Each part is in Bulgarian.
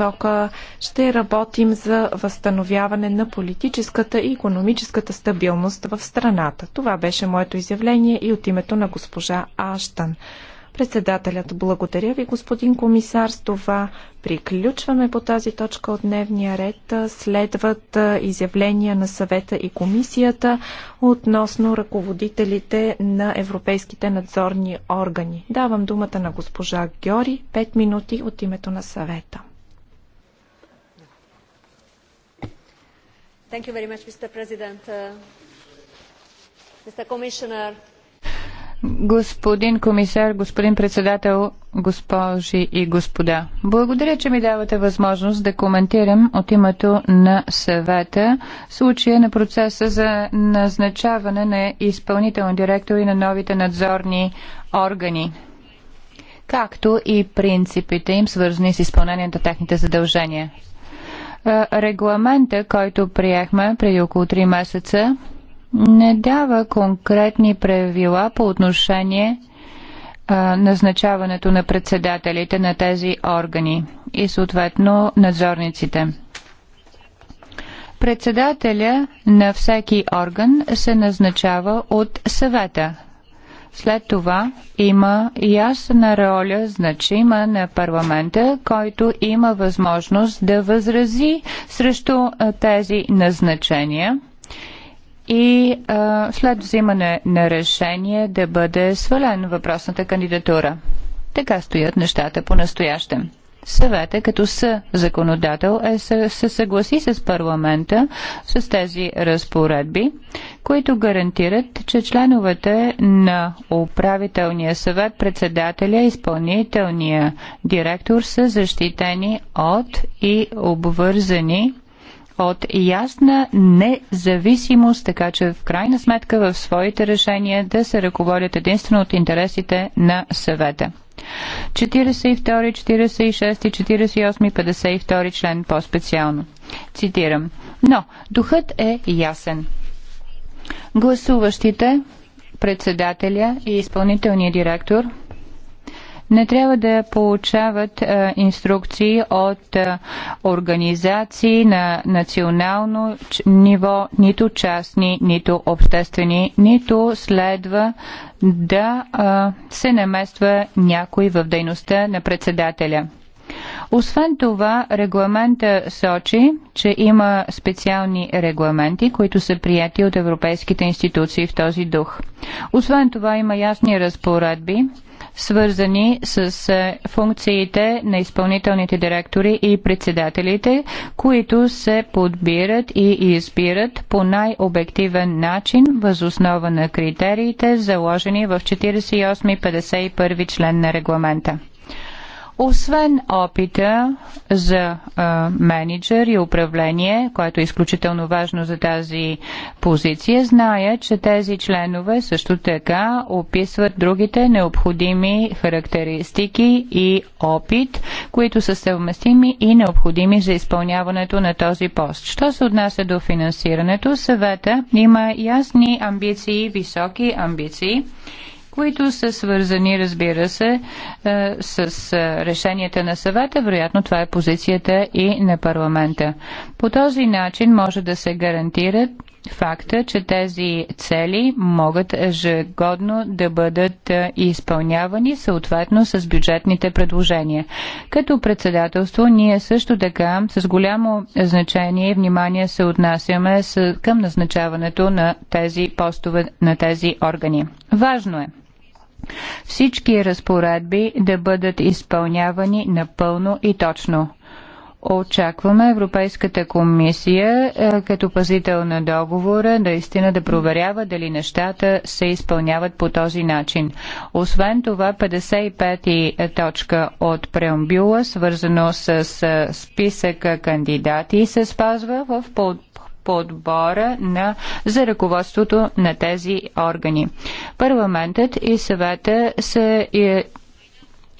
посока ще работим за възстановяване на политическата и економическата стабилност в страната. Това беше моето изявление и от името на госпожа Аштан. Председателят, благодаря ви, господин комисар. С това приключваме по тази точка от дневния ред. Следват изявления на съвета и комисията относно ръководителите на европейските надзорни органи. Давам думата на госпожа Гьори, 5 минути от името на съвета. Thank you very much, Mr. President. Uh, Mr. Commissioner. Господин комисар, господин председател, госпожи и господа. Благодаря, че ми давате възможност да коментирам от името на съвета случая на процеса за назначаване на изпълнителни директори на новите надзорни органи както и принципите им, свързани с изпълнението на техните задължения. Е, регламента, който приехме преди около 3 месеца, не дава конкретни правила по отношение е, назначаването на председателите на тези органи и съответно надзорниците. Председателя на всеки орган се назначава от съвета след това има ясна роля, значима на парламента, който има възможност да възрази срещу тези назначения и а, след взимане на решение да бъде свален въпросната кандидатура. Така стоят нещата по-настоящем. Съвета като съ законодател е се, се съгласи с парламента с тези разпоредби, които гарантират, че членовете на управителния съвет, председателя и изпълнителния директор са защитени от и обвързани от ясна независимост, така че в крайна сметка в своите решения да се ръководят единствено от интересите на съвета. 42, 46, 48, 52 член по-специално. Цитирам. Но духът е ясен. Гласуващите, председателя и изпълнителния директор – не трябва да получават а, инструкции от а, организации на национално ниво, нито частни, нито обществени, нито следва да а, се намества някой в дейността на председателя. Освен това, регламента сочи, че има специални регламенти, които са прияти от европейските институции в този дух. Освен това, има ясни разпоредби свързани с е, функциите на изпълнителните директори и председателите, които се подбират и избират по най-обективен начин възоснова на критериите, заложени в 48-51 член на регламента. Освен опита за а, менеджер и управление, което е изключително важно за тази позиция, зная, че тези членове също така описват другите необходими характеристики и опит, които са съвместими и необходими за изпълняването на този пост. Що се отнася до финансирането, съвета има ясни амбиции, високи амбиции които са свързани, разбира се, е, с е, решенията на съвета. Вероятно това е позицията и на парламента. По този начин може да се гарантират факта, че тези цели могат ежегодно да бъдат е, изпълнявани съответно с бюджетните предложения. Като председателство ние също така с голямо значение и внимание се отнасяме с, към назначаването на тези постове, на тези органи. Важно е всички разпоредби да бъдат изпълнявани напълно и точно. Очакваме Европейската комисия е, като пазител на договора наистина да проверява дали нещата се изпълняват по този начин. Освен това, 55 е, точка от преамбюла, свързано с е, списъка кандидати, се спазва в под подбора на, за ръководството на тези органи. Парламентът и съвета се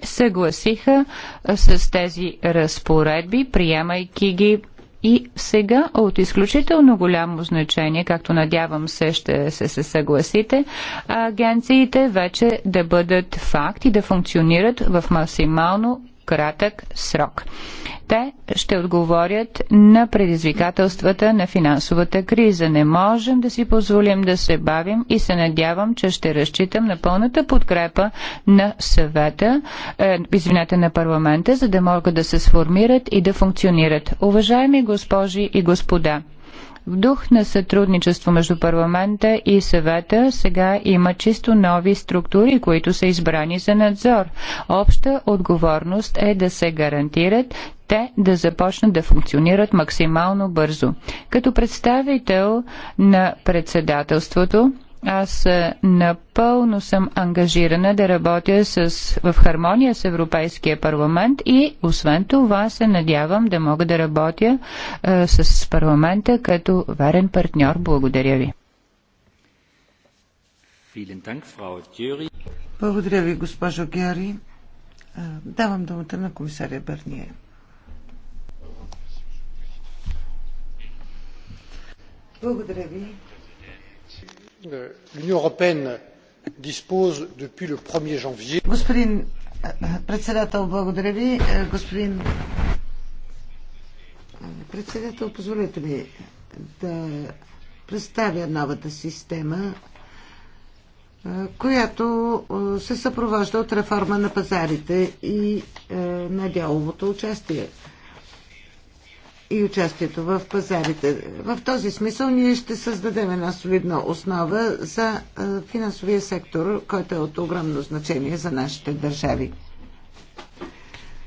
съгласиха с тези разпоредби, приемайки ги и сега от изключително голямо значение, както надявам се ще се, се съгласите, агенциите вече да бъдат факт и да функционират в максимално кратък срок. Те ще отговорят на предизвикателствата на финансовата криза. Не можем да си позволим да се бавим и се надявам, че ще разчитам на пълната подкрепа на съвета, е, извинете, на парламента, за да могат да се сформират и да функционират. Уважаеми госпожи и господа, в дух на сътрудничество между парламента и съвета сега има чисто нови структури, които са избрани за надзор. Обща отговорност е да се гарантират те да започнат да функционират максимално бързо. Като представител на председателството, аз е, напълно съм ангажирана да работя с, в хармония с Европейския парламент и освен това се надявам да мога да работя е, с парламента като верен партньор. Благодаря ви. Благодаря ви, госпожо Гери. Е, давам думата на комисаря Бърния. Благодаря ви. Euh, l'union européenne dispose depuis le un er janvier Господин э, э, председател, благодаря ви. Э, господин председател, ми да представя новата система, която се съпровожда от реформа на пазарите и на дяловото участие и участието в пазарите. В този смисъл ние ще създадем една солидна основа за финансовия сектор, който е от огромно значение за нашите държави.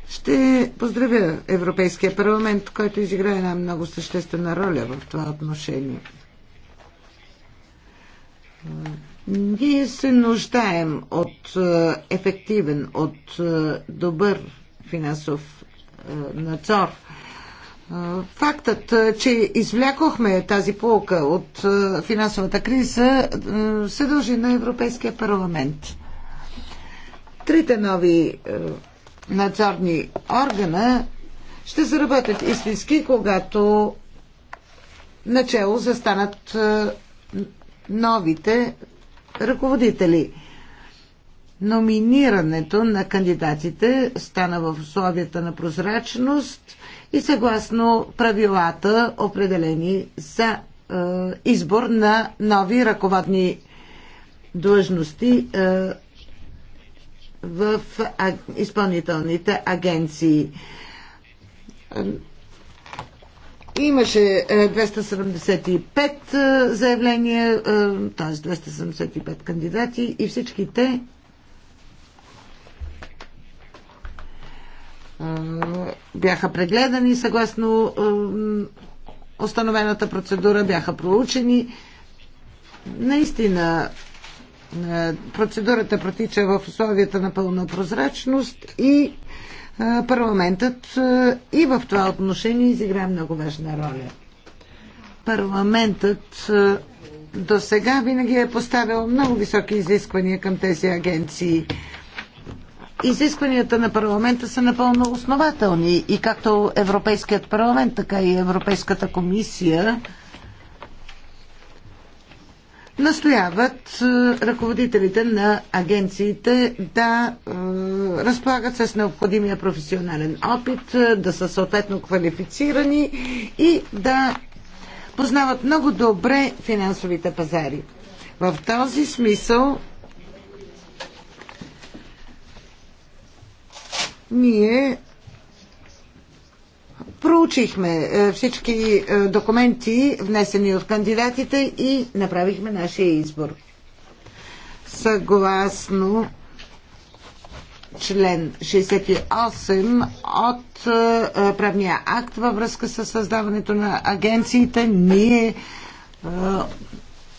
Ще поздравя Европейския парламент, който изигра една много съществена роля в това отношение. Ние се нуждаем от ефективен, от добър финансов надзор – Фактът, че извлякохме тази полка от финансовата криза, се дължи на Европейския парламент. Трите нови надзорни органа ще заработят истински, когато начало застанат новите ръководители. Номинирането на кандидатите стана в условията на прозрачност и съгласно правилата, определени за е, избор на нови ръководни длъжности е, в изпълнителните агенции. Имаше 275 е, заявления, т.е. 275 кандидати и всички те бяха прегледани съгласно установената процедура, бяха проучени. Наистина, е, процедурата протича в условията на пълна прозрачност и е, парламентът е, и в това отношение изигра много важна роля. Парламентът до сега винаги е поставил много високи изисквания към тези агенции изискванията на парламента са напълно основателни и както Европейският парламент, така и Европейската комисия настояват е, ръководителите на агенциите да е, разполагат с необходимия професионален опит, е, да са съответно квалифицирани и да познават много добре финансовите пазари. В този смисъл Ние проучихме е, всички е, документи, внесени от кандидатите и направихме нашия избор. Съгласно член 68 от е, правния акт във връзка с създаването на агенциите, ние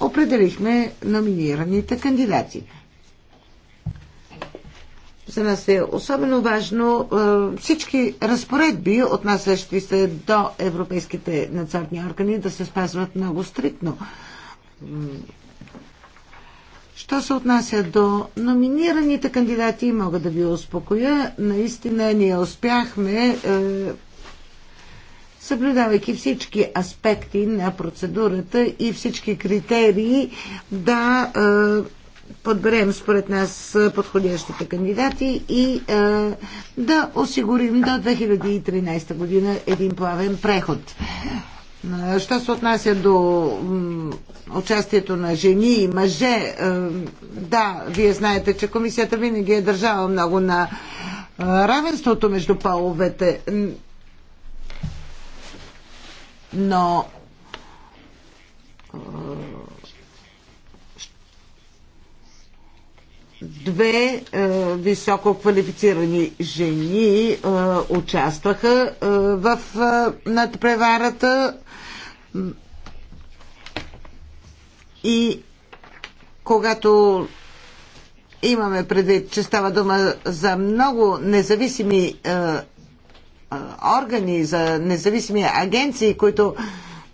определихме номинираните кандидати. За нас е особено важно е, всички разпоредби, отнасящи се до европейските надзорни органи, да се спазват много стриктно. Що се отнася до номинираните кандидати, мога да ви успокоя. Наистина ние успяхме, е, съблюдавайки всички аспекти на процедурата и всички критерии, да е, подберем според нас подходящите кандидати и а, е, да осигурим до 2013 година един плавен преход. Е, що се отнася до участието на жени и мъже, е, да, вие знаете, че комисията винаги е държала много на равенството между половете, но две а, е, високо квалифицирани жени а, е, участваха а, е, в а, надпреварата и когато имаме предвид, че става дума за много независими а, органи, за независими агенции, които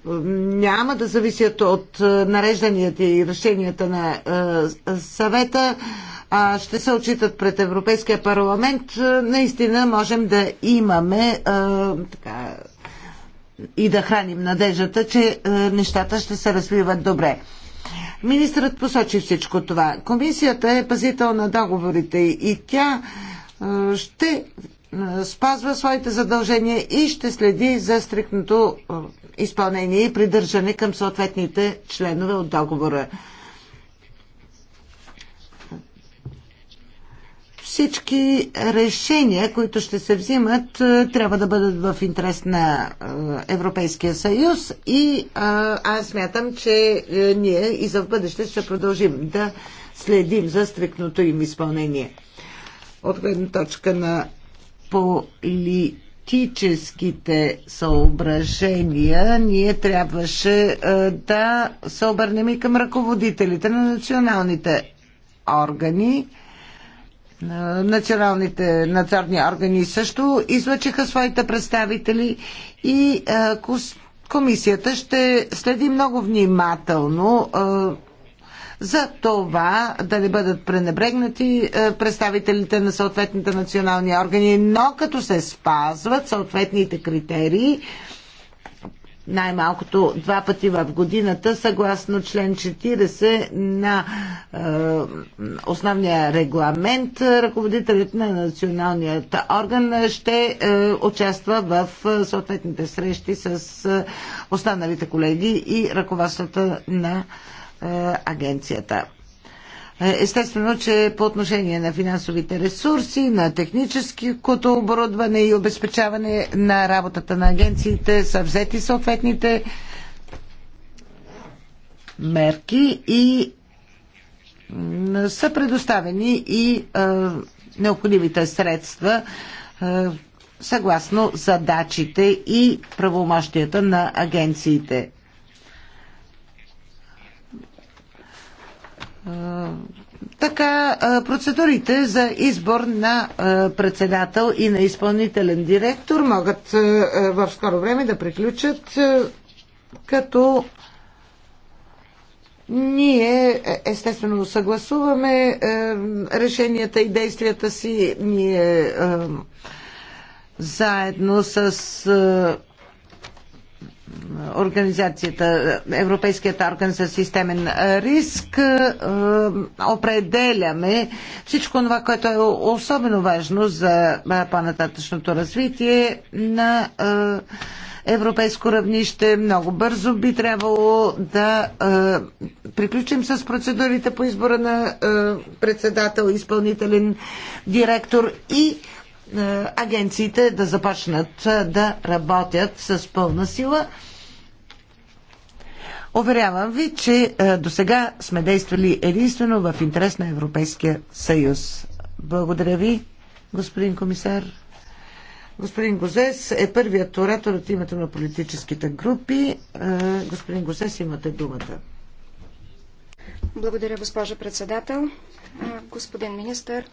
няма да зависят от нарежданията и решенията на съвета ще се отчитат пред Европейския парламент, наистина можем да имаме а, така, и да храним надеждата, че а, нещата ще се развиват добре. Министрът посочи всичко това. Комисията е пазител на договорите и тя а, ще спазва своите задължения и ще следи за стрикното изпълнение и придържане към съответните членове от договора. всички решения, които ще се взимат, е, трябва да бъдат в интерес на е, Европейския съюз и е, аз смятам, че ние и за в бъдеще ще продължим да следим за стрикното им изпълнение. От гледна точка на политическите съображения, ние трябваше да се обърнем и към ръководителите на националните органи, Националните надзорни органи също излъчиха своите представители и комисията ще следи много внимателно за това да не бъдат пренебрегнати представителите на съответните национални органи, но като се спазват съответните критерии най-малкото два пъти в годината, съгласно член 40 на е, основния регламент, ръководителят на националният орган ще е, участва в е, съответните срещи с е, останалите колеги и ръководствата на е, агенцията. Е, естествено, че по отношение на финансовите ресурси, на техническото оборудване и обезпечаване на работата на агенциите са взети съответните мерки и са предоставени и а, необходимите средства а, съгласно задачите и правомощията на агенциите. така процедурите за избор на председател и на изпълнителен директор могат в скоро време да приключат като ние естествено съгласуваме решенията и действията си. Ние заедно с организацията, Европейският орган за системен риск, е, определяме всичко това, което е особено важно за е, по-нататъчното развитие на е, европейско равнище. Много бързо би трябвало да приключим с процедурите по избора на председател, изпълнителен директор и е, агенциите да започнат е, да работят с пълна сила. Уверявам ви, че е, до сега сме действали единствено в интерес на Европейския съюз. Благодаря ви, господин комисар. Господин Гозес е първият оратор от името на политическите групи. Господин Гозес, имате думата. Благодаря, госпожа председател, господин министър,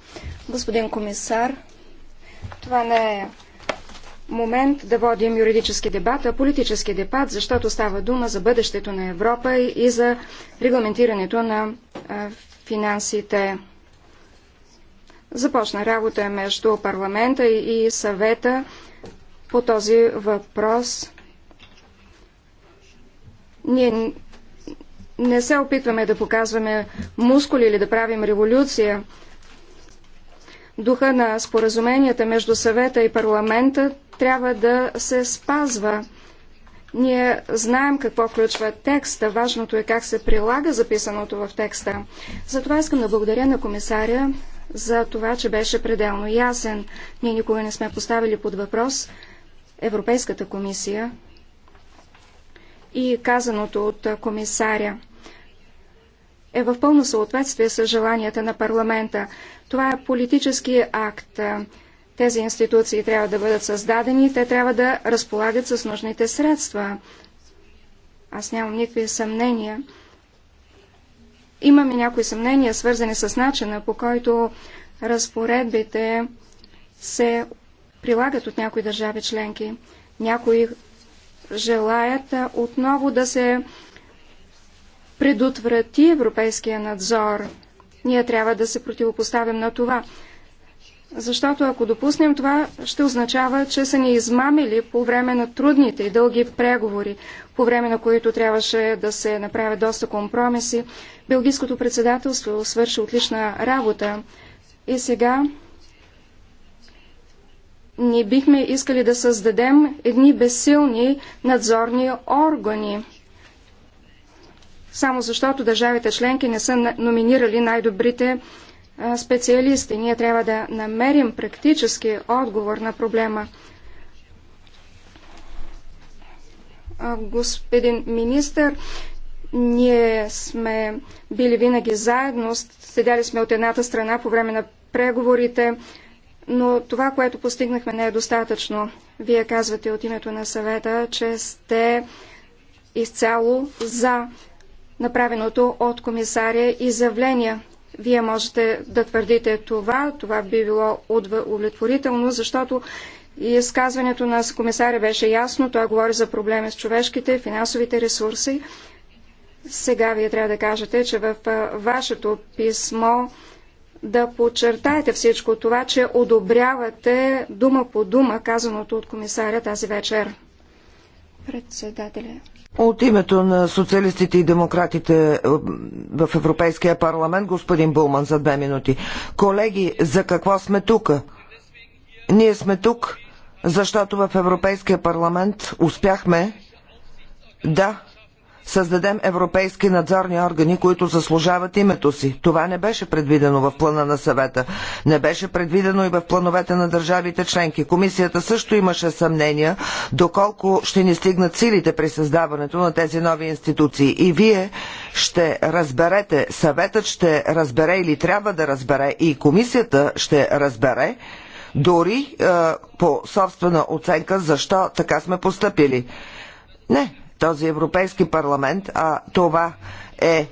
господин комисар, това не е момент да водим юридически дебат, а политически дебат, защото става дума за бъдещето на Европа и за регламентирането на финансите. Започна работа между парламента и съвета по този въпрос. Ние не се опитваме да показваме мускули или да правим революция духа на споразуменията между съвета и парламента трябва да се спазва. Ние знаем какво включва текста, важното е как се прилага записаното в текста. Затова искам да благодаря на комисаря за това, че беше пределно ясен. Ние никога не сме поставили под въпрос Европейската комисия и казаното от комисаря е в пълно съответствие с желанията на парламента. Това е политически акт. Тези институции трябва да бъдат създадени, те трябва да разполагат с нужните средства. Аз нямам никакви съмнения. Имаме някои съмнения, свързани с начина, по който разпоредбите се прилагат от някои държави членки. Някои желаят отново да се предотврати европейския надзор. Ние трябва да се противопоставим на това. Защото ако допуснем това, ще означава, че са ни измамили по време на трудните и дълги преговори, по време на които трябваше да се направят доста компромиси. Белгийското председателство свърши отлична работа и сега ни бихме искали да създадем едни безсилни надзорни органи само защото държавите членки не са номинирали най-добрите специалисти. Ние трябва да намерим практически отговор на проблема. Господин министър, ние сме били винаги заедно, седяли сме от едната страна по време на преговорите, но това, което постигнахме, не е достатъчно. Вие казвате от името на съвета, че сте изцяло за направеното от комисаря изявление. Вие можете да твърдите това, това би било удовлетворително, защото изказването на комисаря беше ясно, той говори за проблеми с човешките, финансовите ресурси. Сега вие трябва да кажете, че в вашето писмо да подчертаете всичко това, че одобрявате дума по дума казаното от комисаря тази вечер. Председателя. От името на социалистите и демократите е, в Европейския парламент, господин Булман, за две минути. Колеги, за какво сме тук? Ние сме тук, защото в Европейския парламент успяхме да създадем европейски надзорни органи, които заслужават името си. Това не беше предвидено в плана на съвета. Не беше предвидено и в плановете на държавите членки. Комисията също имаше съмнения доколко ще ни стигнат силите при създаването на тези нови институции. И вие ще разберете, съветът ще разбере или трябва да разбере и комисията ще разбере, дори е, по собствена оценка, защо така сме постъпили. Не, този Европейски парламент, а това е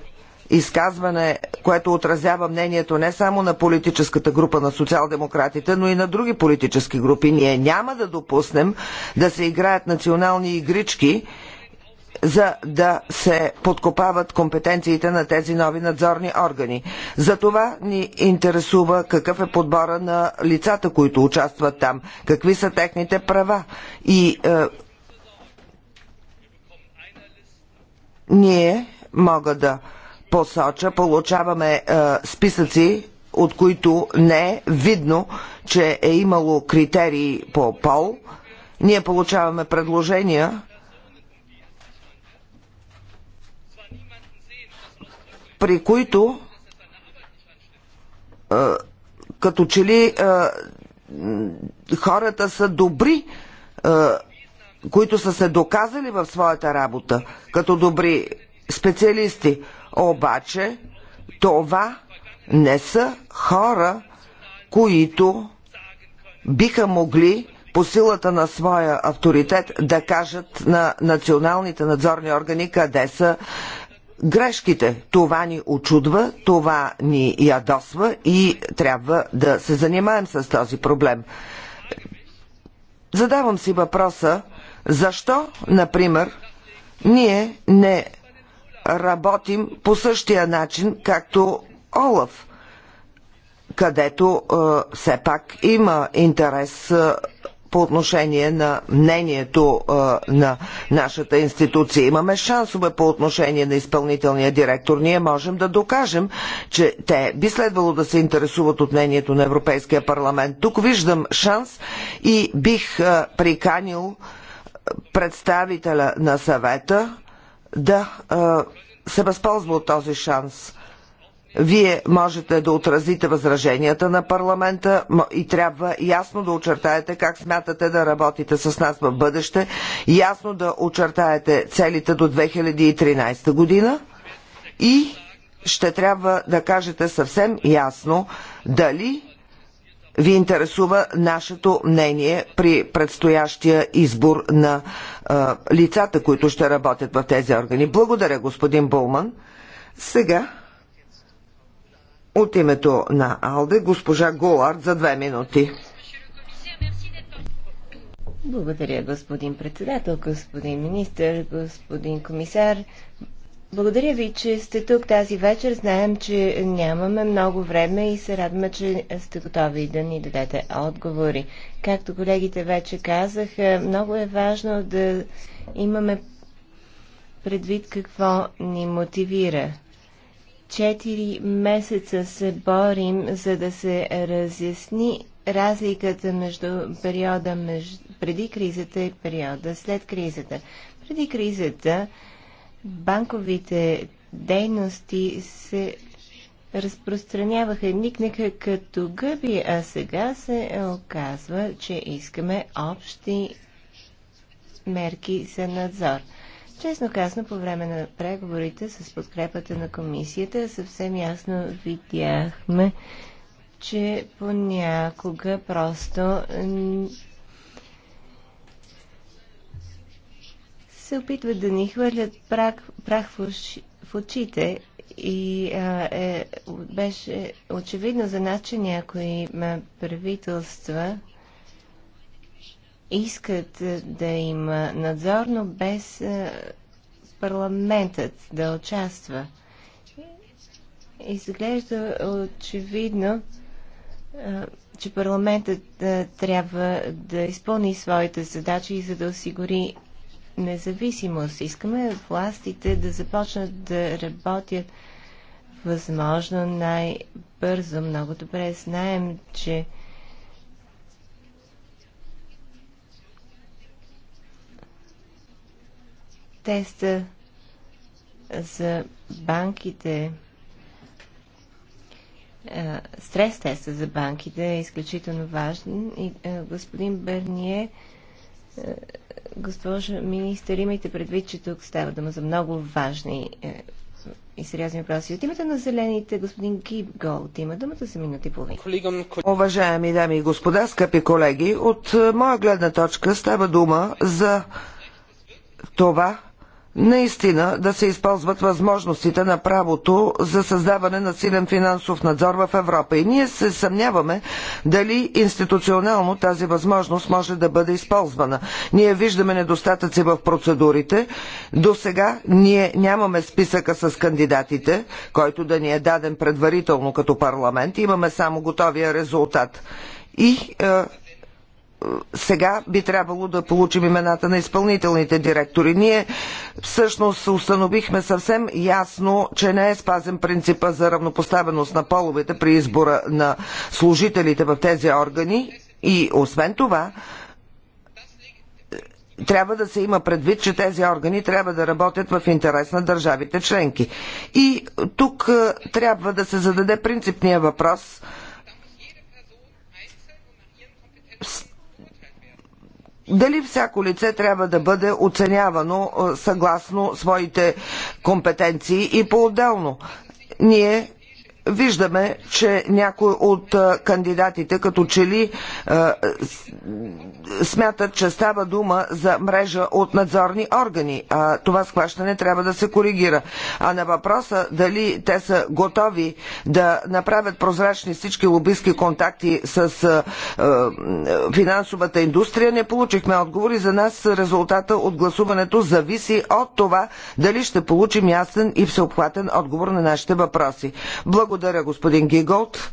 изказване, което отразява мнението не само на политическата група на социал-демократите, но и на други политически групи. Ние няма да допуснем да се играят национални игрички, за да се подкопават компетенциите на тези нови надзорни органи. За това ни интересува какъв е подбора на лицата, които участват там, какви са техните права и е, Ние мога да посоча, получаваме е, списъци, от които не е видно, че е имало критерии по пол. Ние получаваме предложения при които е, като че ли е, хората са добри е, които са се доказали в своята работа като добри специалисти. Обаче това не са хора, които биха могли по силата на своя авторитет да кажат на националните надзорни органи къде са грешките. Това ни очудва, това ни ядосва и трябва да се занимаем с този проблем. Задавам си въпроса защо, например, ние не работим по същия начин, както Олаф, където е, все пак има интерес е, по отношение на мнението е, на нашата институция. Имаме шансове по отношение на изпълнителния директор. Ние можем да докажем, че те би следвало да се интересуват от мнението на Европейския парламент. Тук виждам шанс и бих е, приканил представителя на съвета да се възползва от този шанс. Вие можете да отразите възраженията на парламента и трябва ясно да очертаете как смятате да работите с нас в бъдеще, ясно да очертаете целите до 2013 година и ще трябва да кажете съвсем ясно дали ви интересува нашето мнение при предстоящия избор на а, лицата, които ще работят в тези органи. Благодаря, господин Булман. Сега от името на Алде, госпожа Голард за две минути. Благодаря, господин председател, господин министр, господин комисар. Благодаря ви, че сте тук тази вечер. Знаем, че нямаме много време и се радваме, че сте готови да ни дадете отговори. Както колегите вече казаха, много е важно да имаме предвид какво ни мотивира. Четири месеца се борим, за да се разясни разликата между периода между, преди кризата и периода след кризата. Преди кризата банковите дейности се разпространяваха, никнаха като гъби, а сега се оказва, че искаме общи мерки за надзор. Честно казано, по време на преговорите с подкрепата на комисията съвсем ясно видяхме, че понякога просто се опитват да ни хвърлят прах, прах в, уши, в очите и а, е, беше очевидно за нас, че някои правителства искат да има надзор, но без а, парламентът да участва. Изглежда очевидно, а, че парламентът а, трябва да изпълни своите задачи и за да осигури независимост. Искаме властите да започнат да работят възможно най-бързо. Много добре знаем, че теста за банките стрес теста за банките е изключително важен и господин Берние е, Госпожа министър, имайте предвид, че тук става дума за много важни е, и сериозни въпроси. От името на зелените, господин Гиб Голд има думата за минути и половина. Уважаеми дами и господа, скъпи колеги, от е, моя гледна точка става дума за това, наистина да се използват възможностите на правото за създаване на силен финансов надзор в Европа. И ние се съмняваме дали институционално тази възможност може да бъде използвана. Ние виждаме недостатъци в процедурите. До сега ние нямаме списъка с кандидатите, който да ни е даден предварително като парламент. Имаме само готовия резултат. И е, сега би трябвало да получим имената на изпълнителните директори. Ние всъщност установихме съвсем ясно, че не е спазен принципа за равнопоставеност на половете при избора на служителите в тези органи и освен това трябва да се има предвид, че тези органи трябва да работят в интерес на държавите членки. И тук е, трябва да се зададе принципния въпрос – дали всяко лице трябва да бъде оценявано е, съгласно своите компетенции и по-отделно. Ние виждаме, че някои от кандидатите като че ли смятат, че става дума за мрежа от надзорни органи. А това схващане трябва да се коригира. А на въпроса дали те са готови да направят прозрачни всички лобистки контакти с финансовата индустрия, не получихме отговори. За нас резултата от гласуването зависи от това дали ще получим ясен и всеобхватен отговор на нашите въпроси. Благодаря благодаря, господин Гиголд.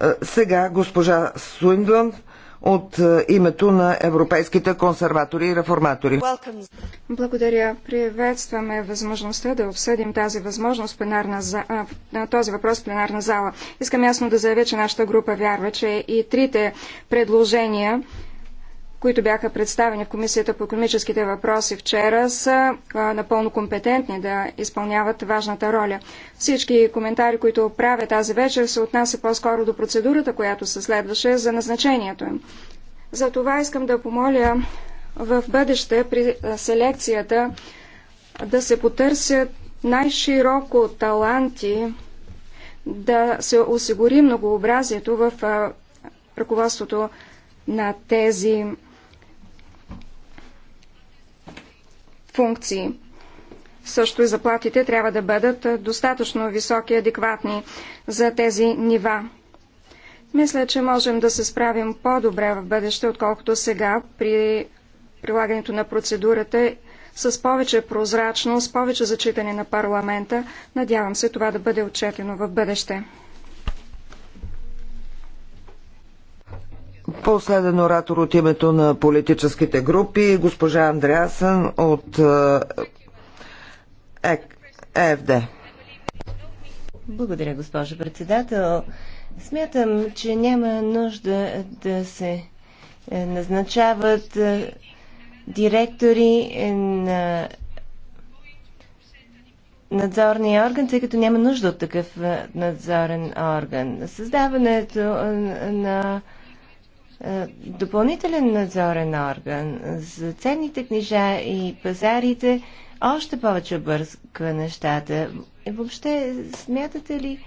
Е, сега госпожа Суиндлън от е, името на европейските консерватори и реформатори. Благодаря. Приветстваме възможността да обсъдим тази възможност пленарна за... този въпрос в пленарна зала. Искам ясно да заявя, че нашата група вярва, че и трите предложения които бяха представени в Комисията по економическите въпроси вчера, са напълно компетентни да изпълняват важната роля. Всички коментари, които правя тази вечер, се отнася по-скоро до процедурата, която се следваше за назначението им. За това искам да помоля в бъдеще при селекцията да се потърсят най-широко таланти, да се осигури многообразието в ръководството на тези функции. Също и заплатите трябва да бъдат достатъчно високи и адекватни за тези нива. Мисля, че можем да се справим по-добре в бъдеще, отколкото сега при прилагането на процедурата с повече прозрачност, повече зачитане на парламента. Надявам се това да бъде отчетено в бъдеще. Последен оратор от името на политическите групи, госпожа Андреасън от ЕФД. Е- е Благодаря, госпожо председател. Смятам, че няма нужда да се е, назначават директори на надзорния орган, тъй като няма нужда от такъв надзорен орган. Създаването на е, допълнителен надзорен орган за ценните книжа и пазарите още повече обърква нещата. Е, въобще смятате ли,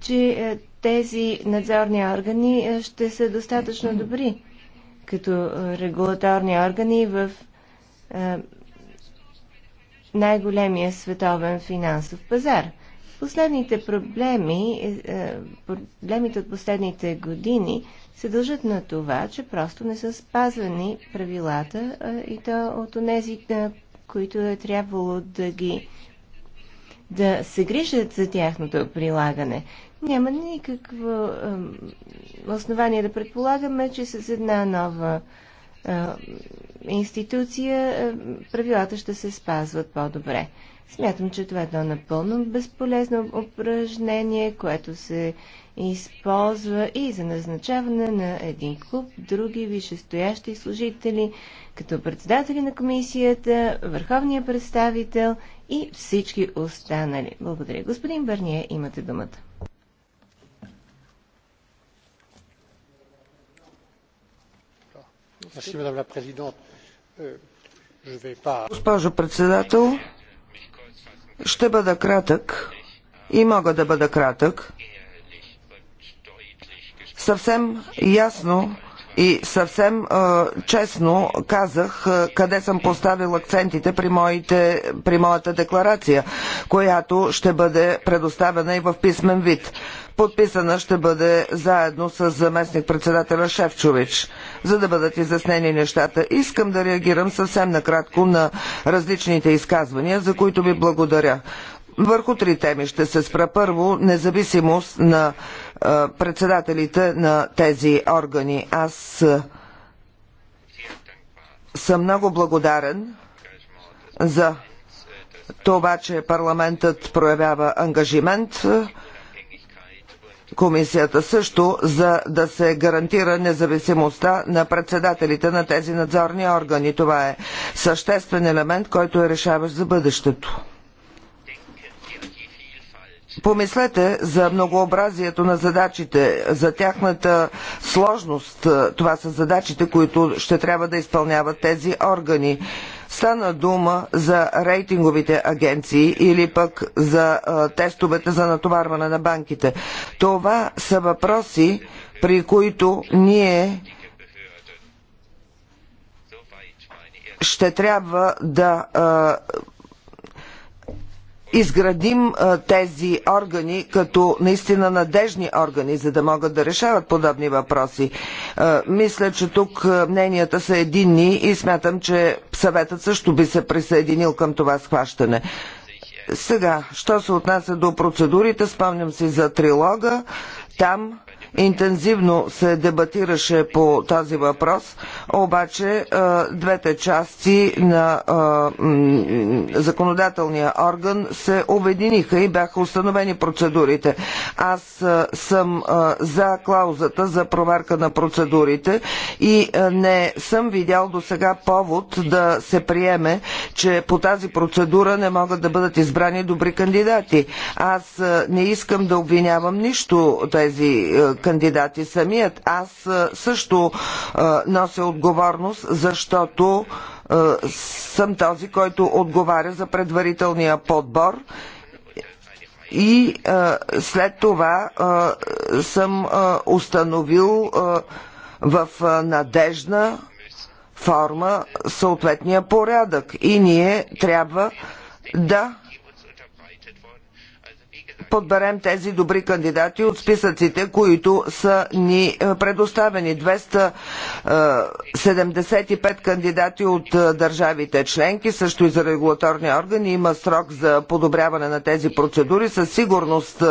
че е, тези надзорни органи ще са достатъчно добри като регулаторни органи в най-големия световен финансов пазар? Последните проблеми, е, е, проблемите от последните години се дължат на това, че просто не са спазвани правилата и то от онези, които е трябвало да ги да се грижат за тяхното прилагане. Няма никакво основание да предполагаме, че с една нова институция правилата ще се спазват по-добре. Смятам, че това е едно напълно безполезно упражнение, което се използва и за назначаване на един клуб, други висшестоящи служители, като председатели на комисията, върховния представител и всички останали. Благодаря. Господин Бърния, имате думата. Euh, Госпожо председател, ще бъда кратък и мога да бъда кратък. Съвсем ясно и съвсем е, честно казах е, къде съм поставил акцентите при, моите, при моята декларация, която ще бъде предоставена и в писмен вид подписана ще бъде заедно с заместник председателя Шефчович, за да бъдат изяснени нещата. Искам да реагирам съвсем накратко на различните изказвания, за които ви благодаря. Върху три теми ще се спра. Първо, независимост на е, председателите на тези органи. Аз е, съм много благодарен за това, че парламентът проявява ангажимент. Е, комисията също, за да се гарантира независимостта на председателите на тези надзорни органи. Това е съществен елемент, който е решаващ за бъдещето. Помислете за многообразието на задачите, за тяхната сложност. Това са задачите, които ще трябва да изпълняват тези органи. Стана дума за рейтинговите агенции или пък за тестовете за натоварване на банките. Това са въпроси, при които ние ще трябва да изградим тези органи като наистина надежни органи, за да могат да решават подобни въпроси. Мисля, че тук мненията са единни и смятам, че съветът също би се присъединил към това схващане. Сега, що се отнася до процедурите, спомням си за трилога. Там Интензивно се дебатираше по този въпрос, обаче е, двете части на е, законодателния орган се обединиха и бяха установени процедурите. Аз е, съм за клаузата за проверка на процедурите и не съм видял до сега повод да се приеме че по тази процедура не могат да бъдат избрани добри кандидати. Аз не искам да обвинявам нищо тези кандидати самият. Аз също нося отговорност, защото съм този, който отговаря за предварителния подбор и а, след това а, съм а, установил а, в а, Надежна форма съответния порядък и ние трябва да подберем тези добри кандидати от списъците, които са ни е, предоставени. 275 е, кандидати от е, държавите членки, също и за регулаторни органи. Има срок за подобряване на тези процедури. Със сигурност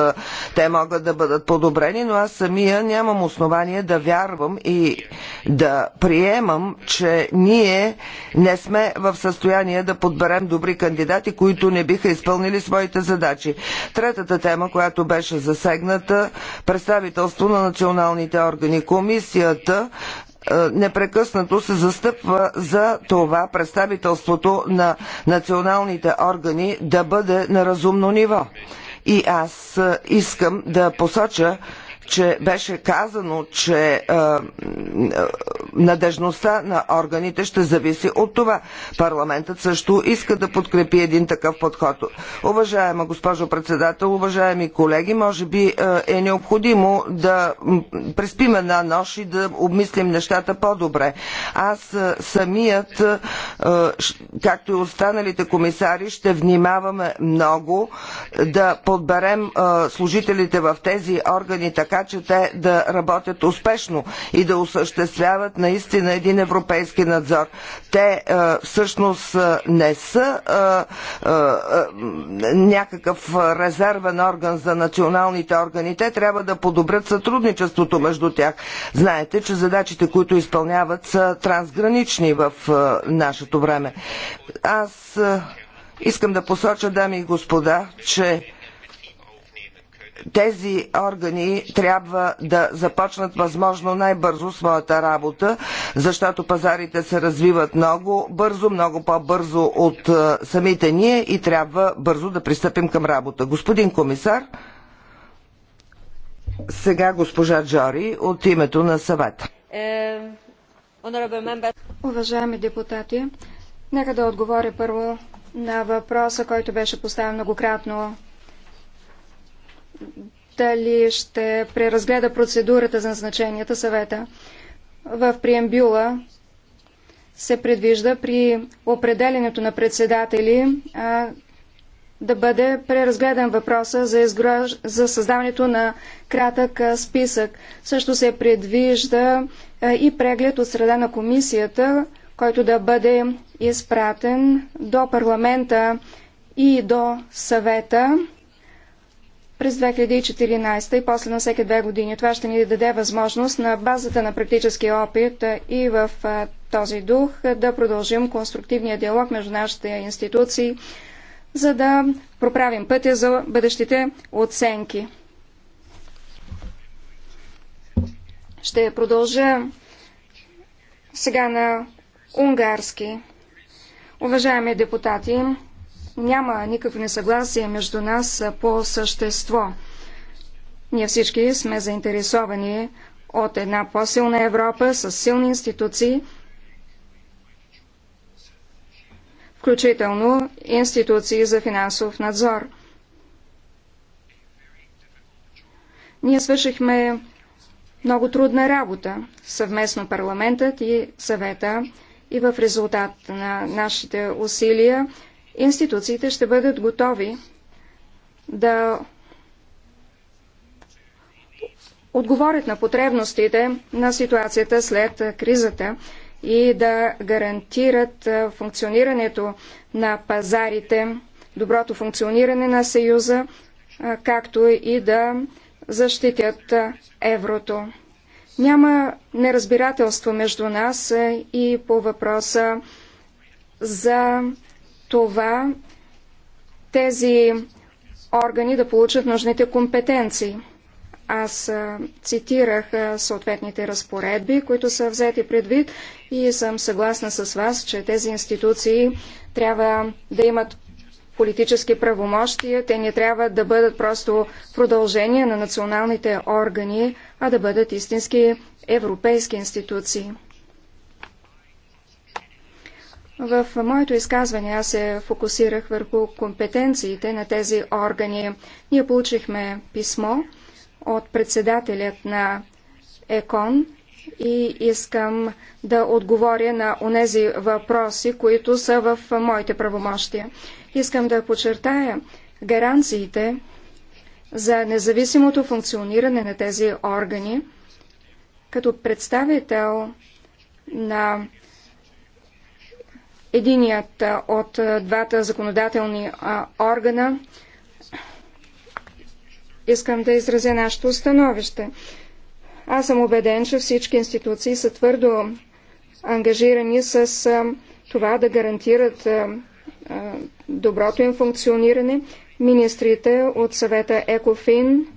те могат да бъдат подобрени, но аз самия нямам основание да вярвам и да приемам, че ние не сме в състояние да подберем добри кандидати, които не биха изпълнили своите задачи. Третата тема тема, която беше засегната представителство на националните органи. Комисията е, непрекъснато се застъпва за това представителството на националните органи да бъде на разумно ниво. И аз е, искам да посоча, че беше казано, че е, надежността на органите ще зависи от това. Парламентът също иска да подкрепи един такъв подход. Уважаема госпожо председател, уважаеми колеги, може би е необходимо да преспим една нощ и да обмислим нещата по-добре. Аз самият, както и останалите комисари, ще внимаваме много да подберем служителите в тези органи така, така че те да работят успешно и да осъществяват наистина един европейски надзор. Те е, всъщност е, не са е, някакъв резервен орган за националните органи. Те трябва да подобрят сътрудничеството между тях. Знаете, че задачите, които изпълняват, са трансгранични в нашето време. Аз искам да посоча, дами и господа, че тези органи трябва да започнат възможно най-бързо своята работа, защото пазарите се развиват много бързо, много по-бързо от е, самите ние и трябва бързо да пристъпим към работа. Господин комисар, сега госпожа Джори от името на съвета. Уважаеми депутати, нека да отговоря първо на въпроса, който беше поставен многократно дали ще преразгледа процедурата за назначенията съвета. В преембюла се предвижда при определенето на председатели а, да бъде преразгледан въпроса за, изгръж... за създаването на кратък а, списък. Също се предвижда а, и преглед от среда на комисията, който да бъде изпратен до парламента и до съвета през 2014 и после на всеки две години. Това ще ни даде възможност на базата на практически опит и в този дух да продължим конструктивния диалог между нашите институции, за да проправим пътя за бъдещите оценки. Ще продължа сега на унгарски. Уважаеми депутати, няма никакво несъгласие между нас по същество. Ние всички сме заинтересовани от една по-силна Европа с силни институции, включително институции за финансов надзор. Ние свършихме много трудна работа съвместно парламентът и съвета и в резултат на нашите усилия институциите ще бъдат готови да отговорят на потребностите на ситуацията след кризата и да гарантират функционирането на пазарите, доброто функциониране на Съюза, както и да защитят еврото. Няма неразбирателство между нас и по въпроса за това тези органи да получат нужните компетенции. Аз цитирах съответните разпоредби, които са взети предвид и съм съгласна с вас, че тези институции трябва да имат политически правомощия. Те не трябва да бъдат просто продължение на националните органи, а да бъдат истински европейски институции. В моето изказване аз се фокусирах върху компетенциите на тези органи. Ние получихме писмо от председателят на ЕКОН и искам да отговоря на онези въпроси, които са в моите правомощия. Искам да подчертая гаранциите за независимото функциониране на тези органи. Като представител на единият от двата законодателни органа. Искам да изразя нашето установище. Аз съм убеден, че всички институции са твърдо ангажирани с това да гарантират доброто им функциониране. Министрите от съвета ЕКОФИН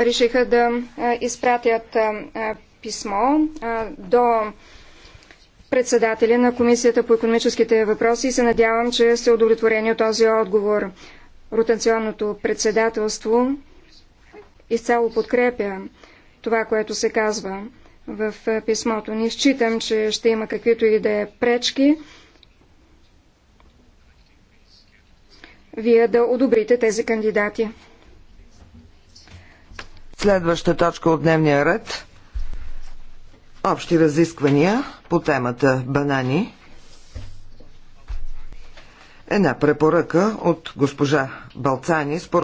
решиха да изпратят писмо до председателя на Комисията по економическите въпроси и се надявам, че сте удовлетворени от този отговор. Ротационното председателство изцяло подкрепя това, което се казва в писмото. Не считам, че ще има каквито и да е пречки вие да одобрите тези кандидати. Следваща точка от дневния ред. Общи разисквания по темата банани. Една препоръка от госпожа Балцани, според